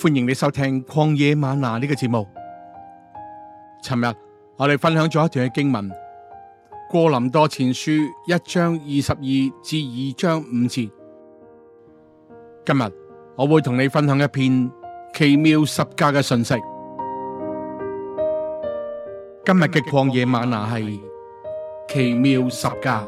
歡迎你收聽曠野嗎哪呢、這個節目。尋日我哋分享咗一段嘅經文，《哥林多前書》一章二十二至二章五節。今日我會同你分享一篇奇妙十架嘅訊息。今日嘅曠野嗎哪係奇妙十架。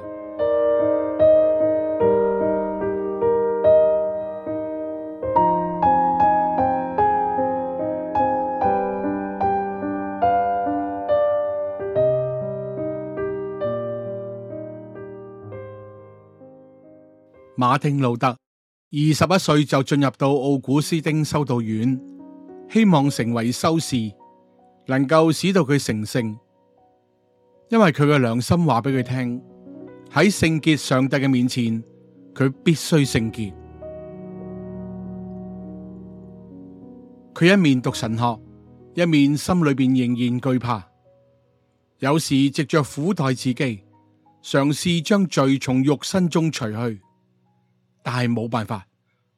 馬丁路德二十一歲就進入到奧古斯丁修道院，希望成為修士，能夠使到佢成聖。因為佢嘅良心話俾佢聽，喺聖潔上帝嘅面前，佢必須聖潔。佢一面讀神學，一面心裏邊仍然懼怕，有時藉着苦待自己，嘗試將罪從肉身中除去。但係冇辦法，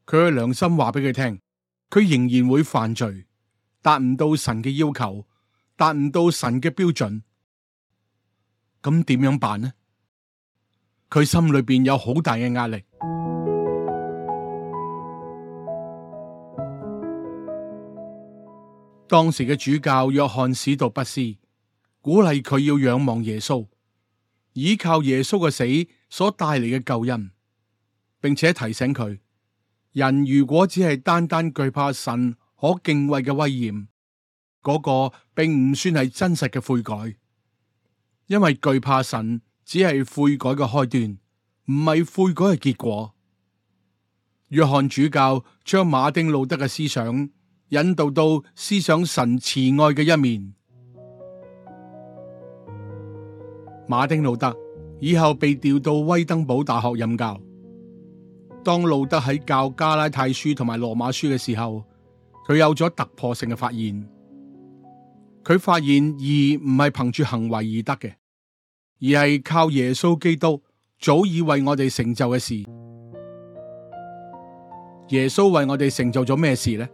佢嘅良心話俾佢聽，佢仍然會犯罪，達唔到神嘅要求，達唔到神嘅標準，咁點樣辦呢？佢心裏邊有好大嘅壓力。當時嘅主教約翰史道不思鼓勵佢要仰望耶穌，依靠耶穌嘅死所帶嚟嘅救恩。並且提醒佢，人如果只係單單懼怕神可敬畏嘅威嚴，嗰個並唔算係真實嘅悔改，因為懼怕神只係悔改嘅開端，唔係悔改嘅結果。約翰主教將馬丁路德嘅思想引導到思想神慈愛嘅一面。馬丁路德以後被調到威登堡大學任教。當路德喺教加拉太書同埋羅馬書嘅時候，佢有咗突破性嘅發現。佢發現義唔係憑住行為而得嘅，而係靠耶穌基督早已為我哋成就嘅事。耶穌為我哋成就咗咩事呢？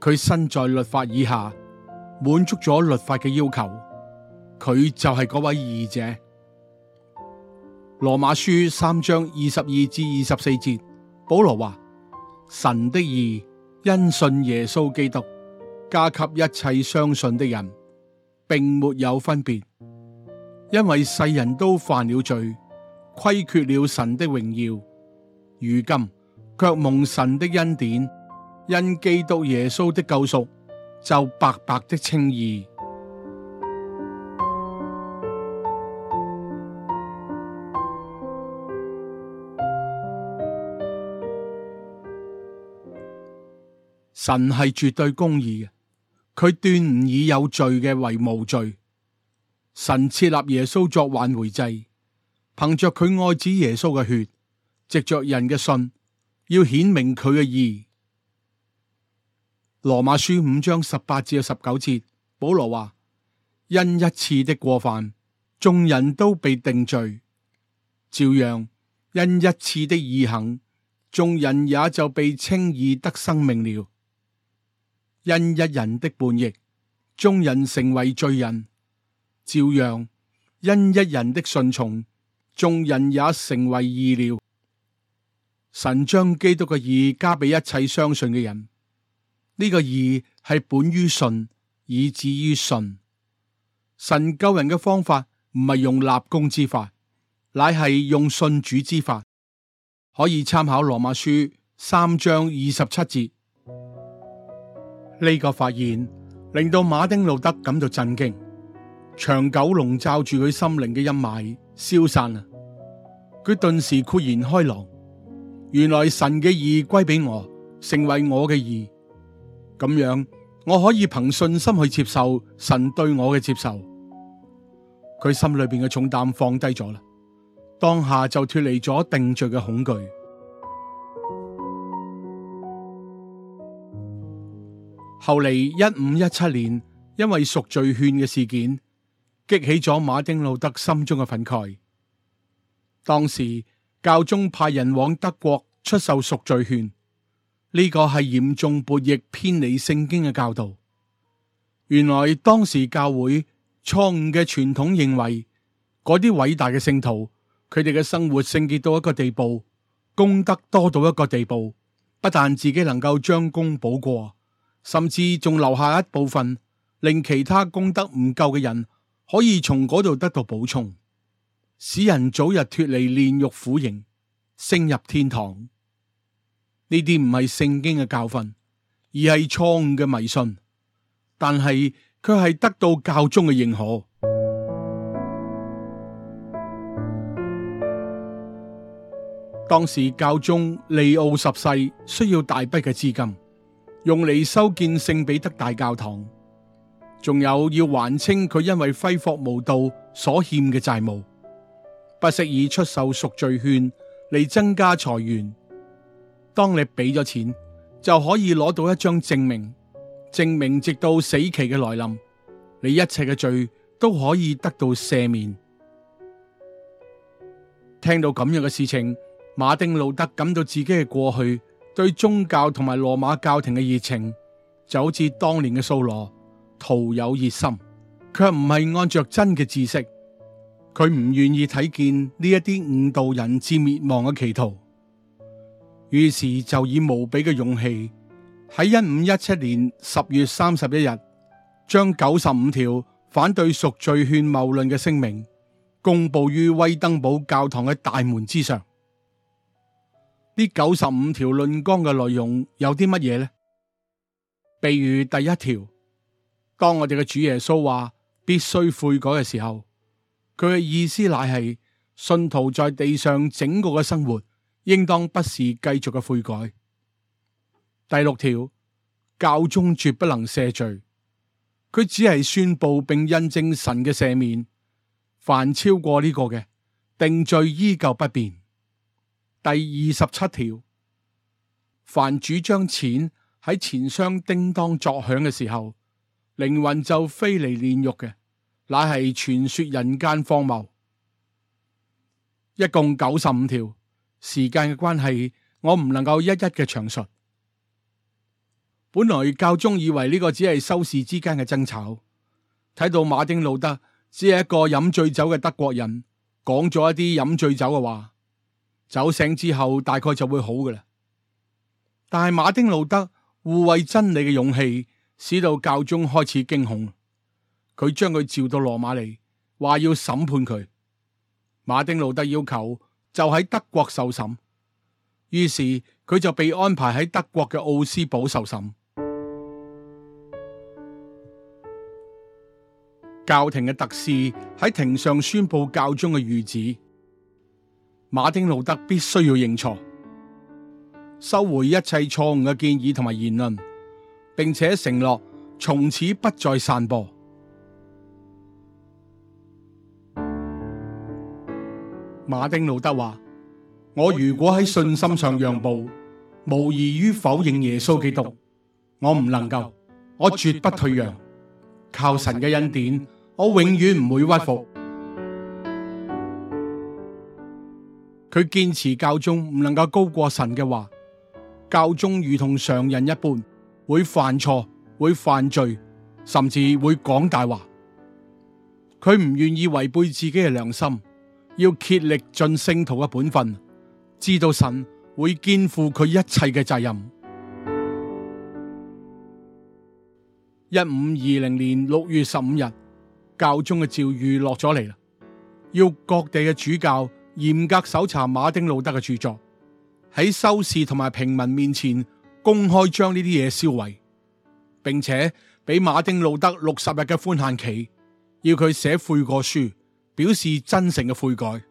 佢身在律法以下，滿足咗律法嘅要求，佢就係嗰位義者。羅馬書三章二十二至二十四節，保羅話：神的義因信耶穌基督加給一切相信的人，並沒有分別，因為世人都犯了罪，虧缺了神的榮耀，如今却蒙神的恩典，因基督耶穌的救贖，就白白的稱義。神係絕對公義嘅，佢斷唔以有罪嘅為無罪。神設立耶穌作挽回祭，憑着佢愛子耶穌嘅血，藉着人嘅信，要顯明佢嘅義。羅馬書五章十八至十九節，保羅話：因一次的過犯，眾人都被定罪；照樣，因一次的義行，眾人也就被稱義得生命了。因一人的叛逆，眾人成為罪人；照樣，因一人的順從，眾人也成為義了。神將基督嘅義加俾一切相信嘅人，呢、這個義係本於信，以致於信。神救人嘅方法唔係用立功之法，乃係用信主之法。可以參考羅馬書三章二十七節。呢個發現令到馬丁路德感到震驚，長久籠罩住佢心靈嘅陰霾消散啦，佢頓時豁然開朗。原來神嘅義歸俾我，成為我嘅義。咁樣我可以憑信心去接受神對我嘅接受。佢心裏邊嘅重擔放低咗啦，當下就脫離咗定罪嘅恐懼。後嚟，一五一七年，因為贖罪券嘅事件激起咗馬丁路德心中嘅憤慨。當時教宗派人往德國出售贖罪券，呢個係嚴重背逆偏離聖經嘅教導。原來當時教會錯誤嘅傳統認為，嗰啲偉大嘅聖徒，佢哋嘅生活聖潔到一個地步，功德多到一個地步，不但自己能夠將功補過。甚至仲留下一部分，令其他功德唔夠嘅人可以從嗰度得到補充，使人早日脫離煉獄苦刑，升入天堂。呢啲唔係聖經嘅教訓，而係錯誤嘅迷信，但係卻係得到教宗嘅認可。當時教宗利奧十世需要大筆嘅資金。用嚟修建聖彼得大教堂，仲有要還清佢因為揮霍無道所欠嘅債務，不惜以出售贖罪券嚟增加財源。當你俾咗錢，就可以攞到一張證明，證明直到死期嘅來臨，你一切嘅罪都可以得到赦免。聽到咁樣嘅事情，馬丁路德感到自己嘅過去，對宗教同埋羅馬教廷嘅熱情，就好似當年嘅蘇羅，徒有熱心，卻唔係按著真嘅知識。佢唔願意睇見呢一啲誤導人之滅亡嘅企圖，於是就以無比嘅勇氣，喺一五一七年十月三十一日，將九十五條反對贖罪券謬論嘅聲明，公布於威登堡教堂嘅大門之上。呢九十五條論綱嘅內容有啲乜嘢呢？譬如第一條，當我哋嘅主耶穌話必須悔改嘅時候，佢嘅意思乃係信徒在地上整個嘅生活，應當不是繼續嘅悔改。第六條，教宗絕不能赦罪，佢只係宣布並印證神嘅赦免。凡超過呢個嘅定罪依舊不變。第二十七條，凡主張錢喺錢箱叮當作響嘅時候，靈魂就飛離煉獄嘅，乃係傳說人間荒謬。一共九十五條，時間嘅關係，我唔能夠一一嘅詳述。本來教宗以為呢個只係修士之間嘅爭吵，睇到馬丁路德只係一個飲醉酒嘅德國人，講咗一啲飲醉酒嘅話。酒醒之後大概就會好噶啦，但係馬丁路德護衛真理嘅勇氣使到教宗開始驚恐，佢將佢召到羅馬嚟，話要審判佢。馬丁路德要求就喺德國受審，於是佢就被安排喺德國嘅奧斯堡受審。教廷嘅特使喺庭上宣布教宗嘅諭旨。馬丁路德必須要認錯，收回一切錯誤嘅建議同埋言論，並且承諾從此不再散播。馬丁路德話：我如果喺信心上讓步，無異於否認耶穌基督。我唔能夠，我絕不退讓。靠神嘅恩典，我永遠唔會屈服。佢堅持教宗唔能夠高過神嘅話，教宗如同常人一般會犯錯、會犯罪，甚至會講大話。佢唔願意違背自己嘅良心，要竭力盡聖徒嘅本分，知道神會肩負佢一切嘅責任。一五二零年六月十五日，教宗嘅詔諭落咗嚟啦，要各地嘅主教，嚴格搜查馬丁路德嘅著作，喺修士同埋平民面前公開將呢啲嘢燒毀，並且俾馬丁路德六十日嘅寬限期，要佢寫悔過書，表示真誠嘅悔改。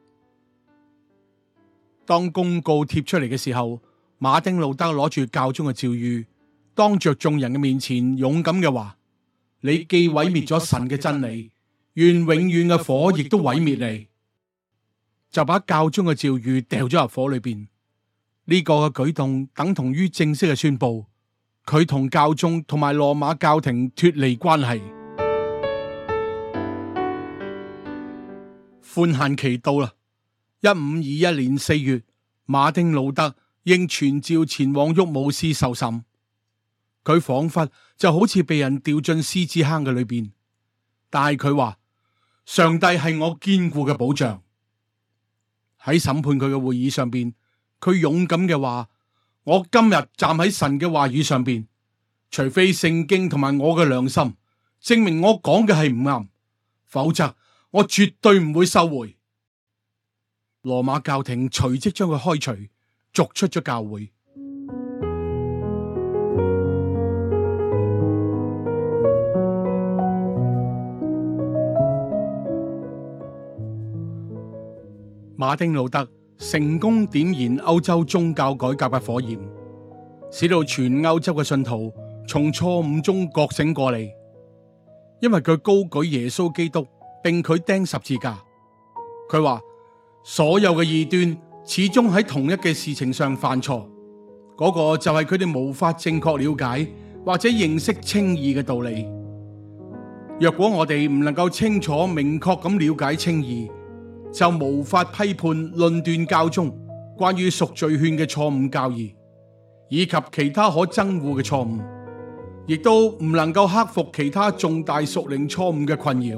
當公告貼出嚟嘅時候，馬丁路德攞住教宗嘅詔諭，當着眾人嘅面前勇敢嘅話：你既毀滅咗神嘅真理，願永遠嘅火亦都毀滅你。就把教宗嘅詔諭掉咗入火裏邊，呢、這個嘅舉動等同於正式嘅宣布，佢同教宗同埋羅馬教廷脫離關係。寬 限期到啦，一五二一年四月，馬丁路德應傳召前往沃姆斯受審，佢仿佛就好似被人掉進獅子坑嘅裏邊，但係佢話上帝係我堅固嘅保障。喺審判佢嘅會議上邊，佢勇敢嘅話：「我今日站喺神嘅話語上邊，除非聖經同埋我嘅良心證明我講嘅係唔啱，否則我絕對唔會收回。」羅馬教廷隨即將佢開除，逐出咗教會。馬丁路德成功點燃歐洲宗教改革嘅火焰，使到全歐洲嘅信徒從錯誤中覺醒過嚟。因為佢高舉耶穌基督，並佢釘十字架。佢話所有嘅異端始終喺同一嘅事情上犯錯，嗰個就係佢哋無法正確了解或者認識清義嘅道理。若果我哋唔能夠清楚明確咁了解清義。就無法批判論斷教宗關於贖罪券嘅錯誤教義，以及其他可憎惡嘅錯誤，亦都唔能夠克服其他重大屬靈錯誤嘅困擾。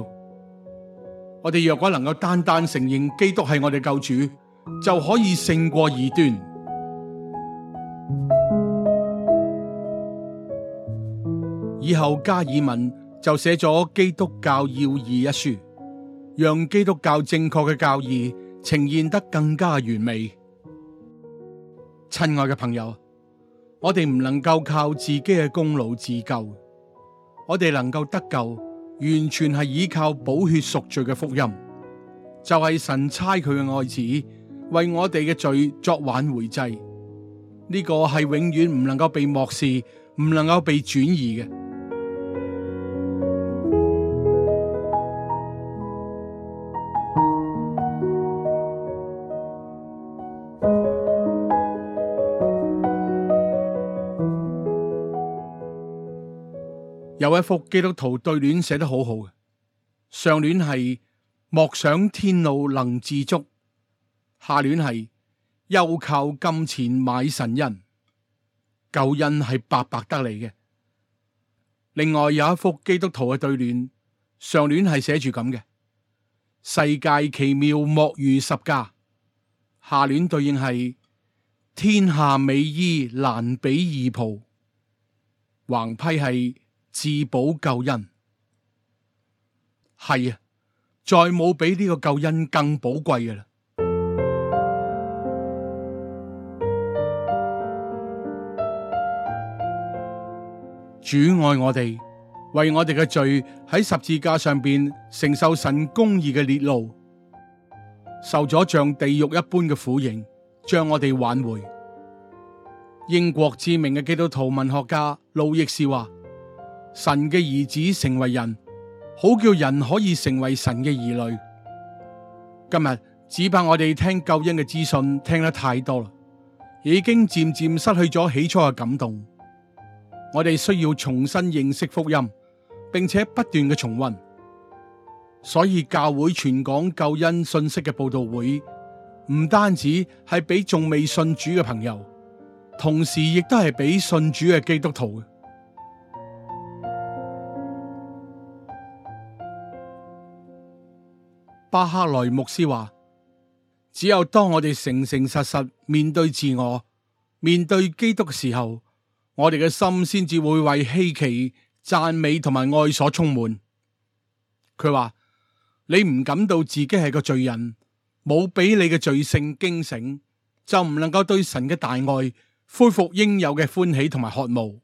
我哋若果能夠單單承認基督係我哋救主，就可以勝過異端。以後加爾文就寫咗《基督教要義》一書。讓基督教正確嘅教義呈現得更加完美。親愛嘅朋友，我哋唔能夠靠自己嘅功勞自救，我哋能夠得救，完全係依靠寶血贖罪嘅福音，就係、是、神差佢嘅愛子為我哋嘅罪作挽回祭。呢、這個係永遠唔能夠被漠視，唔能夠被轉移嘅。有一幅基督徒對聯寫得好好嘅，上聯係莫想天路能自足，下聯係又靠金錢買神恩，救恩係白白得嚟嘅。另外有一幅基督徒嘅對聯，上聯係寫住咁嘅，世界奇妙莫如十架，下聯對應係天下美衣難比二袍，橫批係。自保救恩係啊，再冇比呢個救恩更寶貴嘅啦。主愛我哋，為我哋嘅罪喺十字架上邊承受神公義嘅烈怒，受咗像地獄一般嘅苦刑，將我哋挽回。英國知名嘅基督徒文學家路易斯話。神嘅兒子成為人，好叫人可以成為神嘅兒女。今日只怕我哋聽救恩嘅資訊聽得太多啦，已經漸漸失去咗起初嘅感動。我哋需要重新認識福音，並且不斷嘅重溫。所以教會全港救恩信息嘅報道會，唔單止係俾仲未信主嘅朋友，同時亦都係俾信主嘅基督徒嘅。巴克萊牧師話，只有當我哋誠誠實實面對自我、面對基督嘅時候，我哋嘅心先至會為稀奇、讚美同埋愛所充滿。佢話，你唔感到自己係個罪人，冇俾你嘅罪性驚醒，就唔能夠對神嘅大愛恢復應有嘅歡喜同埋渴慕。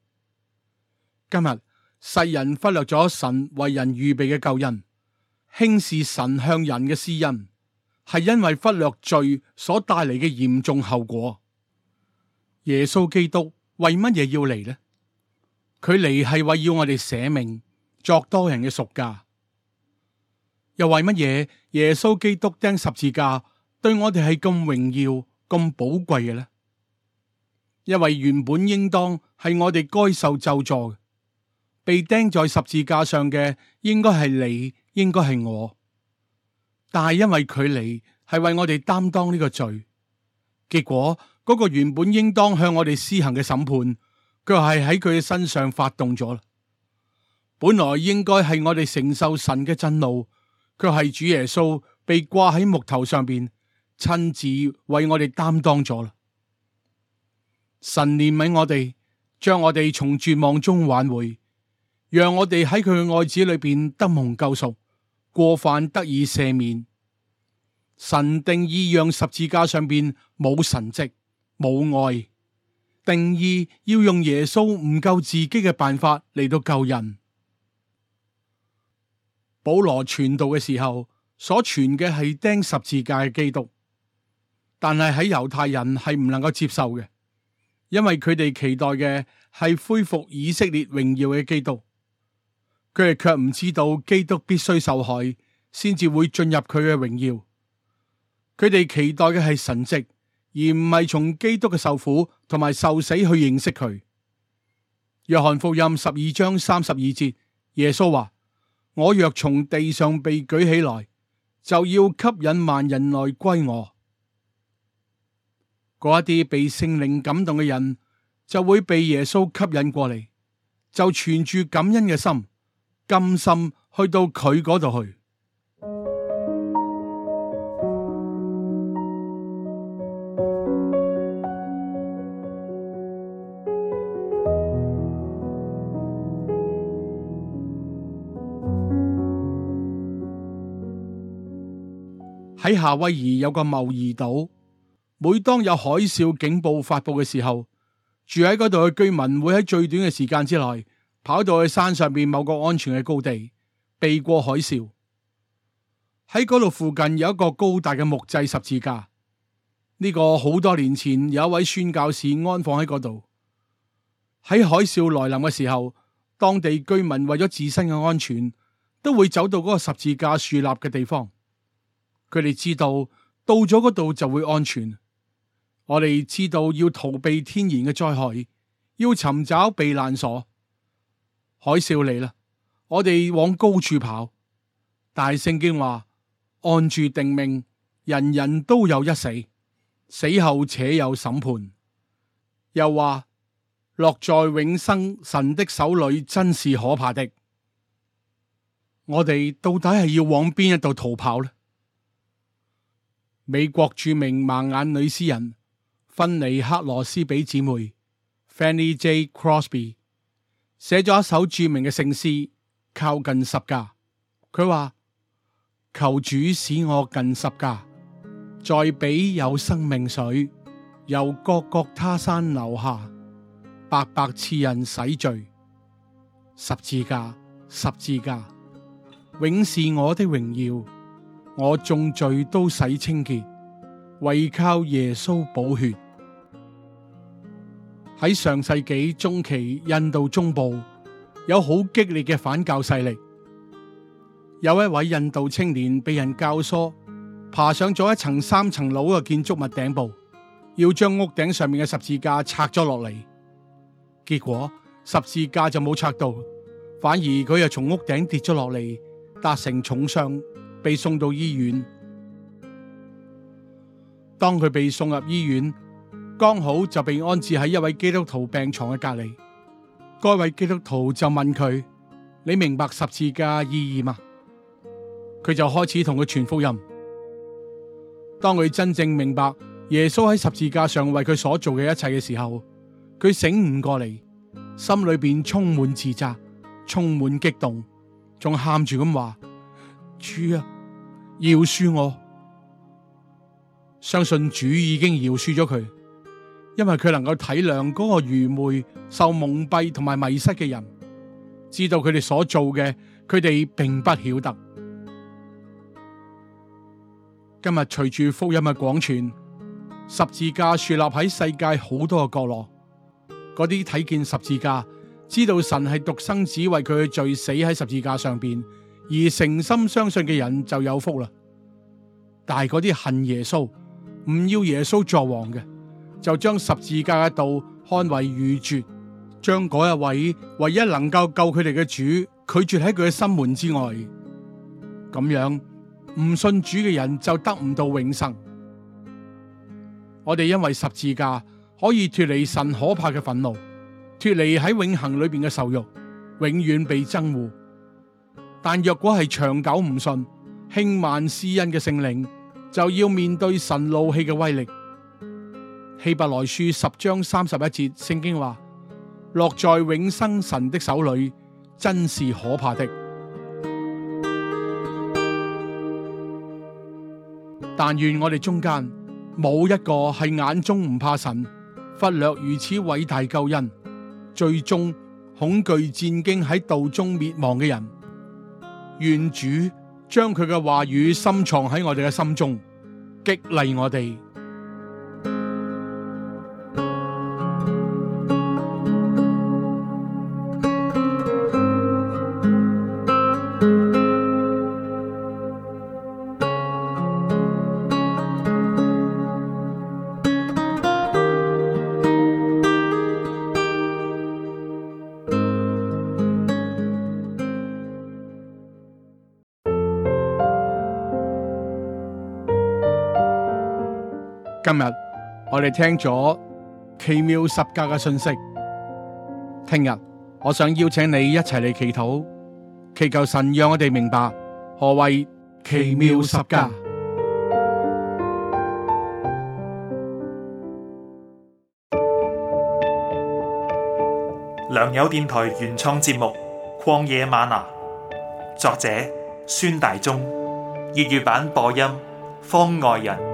今日世人忽略咗神為人預備嘅救恩。輕視神向人嘅施恩，係因為忽略罪所帶嚟嘅嚴重後果。耶穌基督為乜嘢要嚟呢？佢嚟係為要我哋捨命作多人嘅贖價，又為乜嘢耶穌基督釘十字架對我哋係咁榮耀、咁寶貴嘅呢？因為原本應當係我哋該受咒詛嘅，被釘在十字架上嘅應該係你。應該係我，但係因為佢嚟係為我哋擔當呢個罪，結果嗰個原本應當向我哋施行嘅審判，卻係喺佢嘅身上發動咗啦。本來應該係我哋承受神嘅震怒，卻係主耶穌被掛喺木頭上邊，親自為我哋擔當咗啦。神憐憫我哋，將我哋從絕望中挽回，讓我哋喺佢嘅愛子裏邊得蒙救贖。過犯得以赦免，神定意讓十字架上邊冇神蹟、冇愛，定意要用耶穌唔夠自己嘅辦法嚟到救人。保羅傳道嘅時候所傳嘅係釘十字架嘅基督，但係喺猶太人係唔能夠接受嘅，因為佢哋期待嘅係恢復以色列榮耀嘅基督。佢哋卻唔知道基督必須受害，先至會進入佢嘅榮耀。佢哋期待嘅係神蹟，而唔係從基督嘅受苦同埋受死去認識佢。約翰福音十二章三十二節，耶穌話：我若從地上被舉起來，就要吸引萬人來歸我。嗰一啲被聖靈感動嘅人，就會被耶穌吸引過嚟，就存住感恩嘅心。甘心去到佢嗰度去。喺夏威夷有個茂宜島，每當有海嘯警報發佈嘅時候，住喺嗰度嘅居民會喺最短嘅時間之內。跑到去山上邊某個安全嘅高地避過海嘯。喺嗰度附近有一個高大嘅木製十字架，呢個好多年前有一位宣教士安放喺嗰度。喺海嘯來臨嘅時候，當地居民為咗自身嘅安全，都會走到嗰個十字架樹立嘅地方。佢哋知道到咗嗰度就會安全。我哋知道要逃避天然嘅災害，要尋找避難所。海嘯嚟啦！我哋往高處跑。大聖經話：按住定命，人人都有一死，死後且有審判。又話：落在永生神的手裏，真是可怕的。我哋到底係要往邊一度逃跑呢？美國著名盲眼女詩人芬尼克羅斯比姊妹 Fanny J. Crosby。寫咗一首著名嘅聖詩《靠近十架》，佢話：求主使我近十架，再俾有生命水由各各他山流下，白白賜人洗罪。十字架，十字架，永是我的榮耀，我眾罪都洗清潔，唯靠耶穌寶血。喺上世紀中期，印度中部有好激烈嘅反教勢力。有一位印度青年被人教唆，爬上咗一層三層樓嘅建築物頂部，要將屋頂上面嘅十字架拆咗落嚟，結果十字架就冇拆到，反而佢又從屋頂跌咗落嚟，達成重傷，被送到醫院。當佢被送入醫院。剛好就被安置喺一位基督徒病床嘅隔籬，該位基督徒就問佢：你明白十字架意義嗎？佢就開始同佢傳福音。當佢真正明白耶穌喺十字架上為佢所做嘅一切嘅時候，佢醒悟過嚟，心裏面充滿自責，充滿激動，仲喊住咁話：主啊，饒恕我！相信主已經饒恕咗佢。因為佢能夠體諒嗰個愚昧、受蒙蔽同埋迷失嘅人，知道佢哋所做嘅，佢哋並不曉得。今日隨住福音嘅廣傳，十字架樹立喺世界好多個角落，嗰啲睇見十字架，知道神係獨生子為佢罪死喺十字架上邊，而誠心相信嘅人就有福啦。但係嗰啲恨耶穌、唔要耶穌作王嘅。就將十字架嘅道看為愚拙，將嗰一位唯一能夠救佢哋嘅主拒絕喺佢嘅心門之外。咁樣唔信主嘅人就得唔到永生。我哋因為十字架可以脫離神可怕嘅憤怒，脫離喺永恆裏邊嘅受辱，永遠被憎惡。但若果係長久唔信輕慢施恩嘅聖靈，就要面對神怒氣嘅威力。希伯來書十章三十一節，聖經話，落在永生神的手裏，真是可怕的。但願我哋中間冇一個係眼中唔怕神，忽略如此偉大救恩，最終恐懼戰兢喺道中滅亡嘅人。願主將佢嘅話語深藏喺我哋嘅心中，激勵我哋。今日我哋聽咗奇妙十架嘅信息，聽日我想邀請你一齊嚟祈禱，祈求神讓我哋明白何謂奇妙十架。良友電台原創節目《曠野嗎哪》，作者孫大中，粵語版播音方外人。